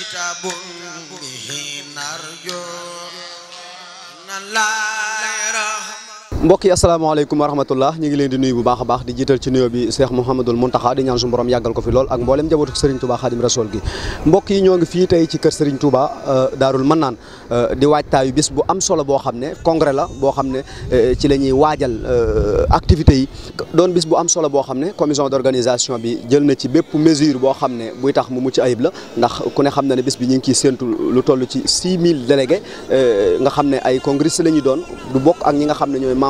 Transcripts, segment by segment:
كتاب به نرجو أن لا mbokk yi asalaamaaleykum wa rahmatullah ñu ngi leen di nuyu bu baax a baax di jiital ci nuyoo bi Cheikh Mouhamadul Mountakha di ñaan suñu borom yàggal ko fi lool ak mboolem njabootu Serigne Touba Khadim Rasoul gi mbokk yi ñoo ngi fii tey ci kër Serigne Touba euh, Daarul Mannaan euh, di waajtaayu bis bu am solo boo xam ne congrès la boo xam ne euh, ci la ñuy waajal activités yi doon bis bu am solo boo xam ne commission d'organisation bi jël na ci bépp mesure boo xam ne buy tax mu mucc ayib la ndax ku ne xam na ne bis bi ñu ngi ciy séentu lu toll ci 6000 délégués nga xam ne ay congrès la ñu doon du bokk ak ñi nga xam ne ñooy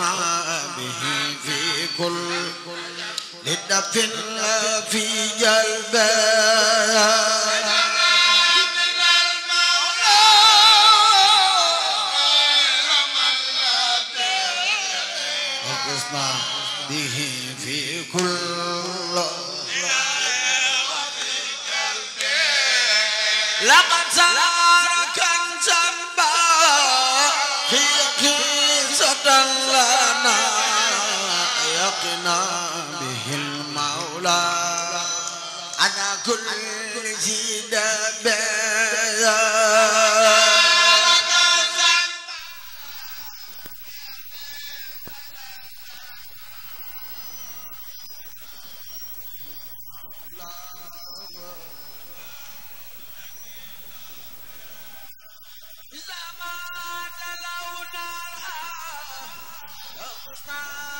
يسمع به في كل لدف في جلبها وقصنا به في كل لقد به المولى على كل ذي Stop!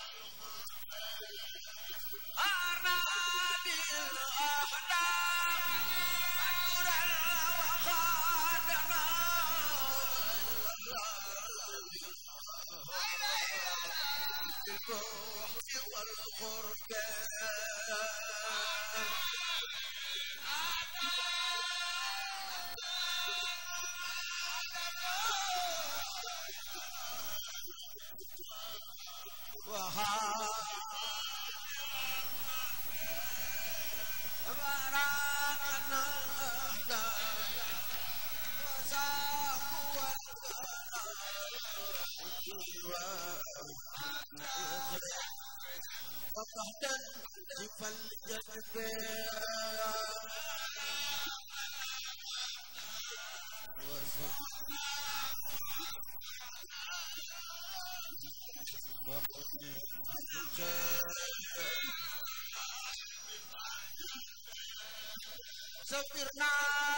البعد والغربة وها أمرا Bapakan di balik jendela. Sepirna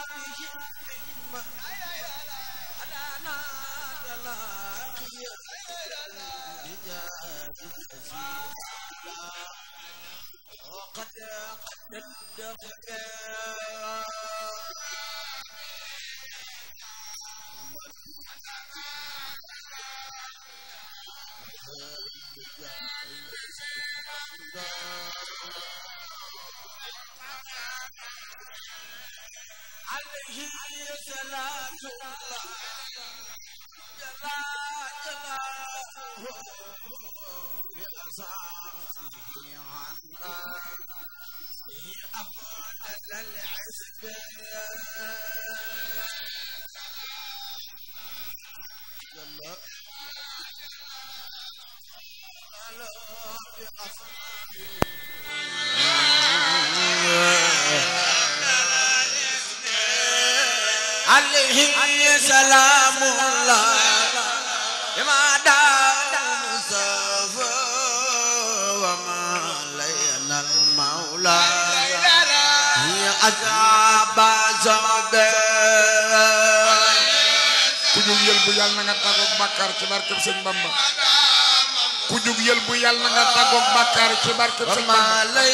dihidupi وقد قد لك عليه صلاة الله جل جلاله يا صاحبي عن آه إحراز العزبان الله الله عليه سلام الله ما دام a zabe ku jug yël bu yàlla na nga tàggoog bàkkaar ci barkeb sëñ Bamba ku jug yël bu yàlla nga tàggoog bàkkaar ci barkeb sëñ Bamba ma lay